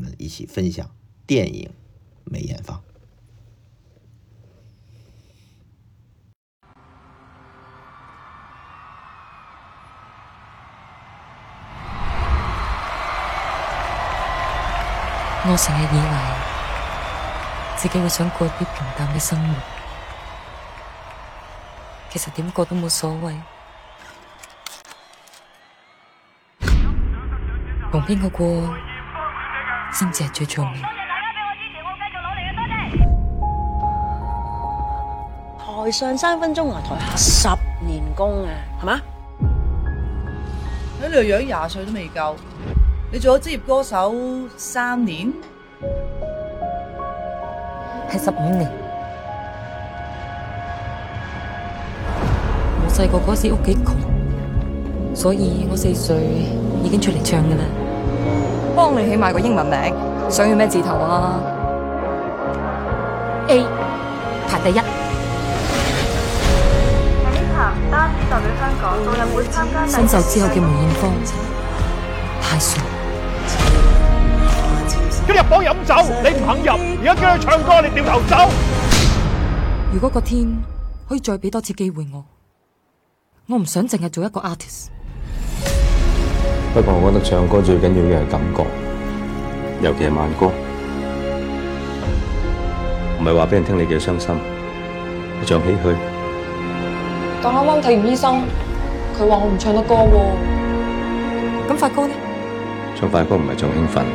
我們一起分享電影《梅艷芳》。我成日以為自己會想過啲平淡嘅生活，其實點過都冇所謂。同邊個過？先至係最重要。多謝大家俾我支持，我繼續努力嘅，多謝。台上三分鐘啊，台下十年功啊，係嘛？睇你個樣，廿歲都未夠。你做咗職業歌手三年，係十五年。我細個嗰時屋企窮，所以我四歲已經出嚟唱噶啦。幫你起埋個英文名，想要咩字頭啊？A 排第一。李察，單子就俾香港，到日本參加。新手之後嘅梅艷芳，太傻。佢入房飲酒，你唔肯入，而家叫佢唱歌，你掉頭走。如果個天可以再俾多次機會我，我唔想淨係做一個 artist。不過我覺得唱歌最緊要嘅係感覺，尤其係慢歌，唔係話俾人聽你幾傷心，唱唏噓。當我啱啱睇完醫生，佢話我唔唱得歌喎，咁快歌呢？唱快歌唔係唱興奮，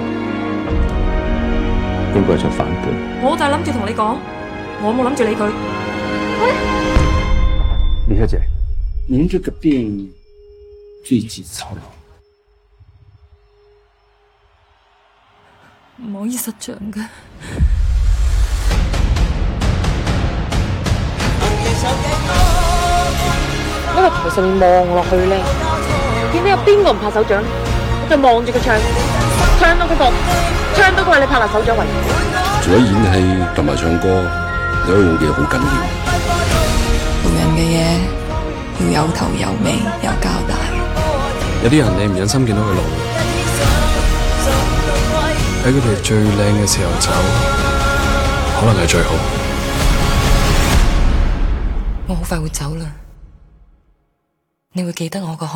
應該係唱反叛。我就係諗住同你講，我冇諗住理佢。喂、哎，李小姐，您這個病最忌操勞唔可以實唱嘅。喺個台上望落去咧，看見到有邊個唔拍手掌，我就望住佢唱，唱到佢講，唱到佢話你拍埋手掌為。除咗演戲同埋唱歌，有一樣嘢好緊要。做人嘅嘢要有頭有尾，有交代。有啲人你唔忍心見到佢老。喺佢哋最靚嘅時候走，可能係最好。我好快會走啦，你會記得我個可？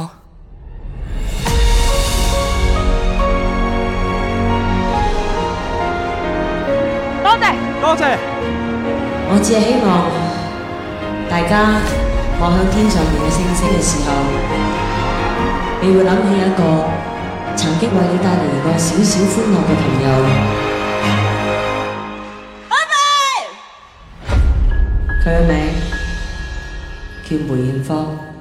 多謝多謝。我只係希望大家望向天上邊嘅星星嘅時候，你會諗起一個曾經為你帶嚟過小小歡樂嘅朋友，佢嘅名叫梅艷芳。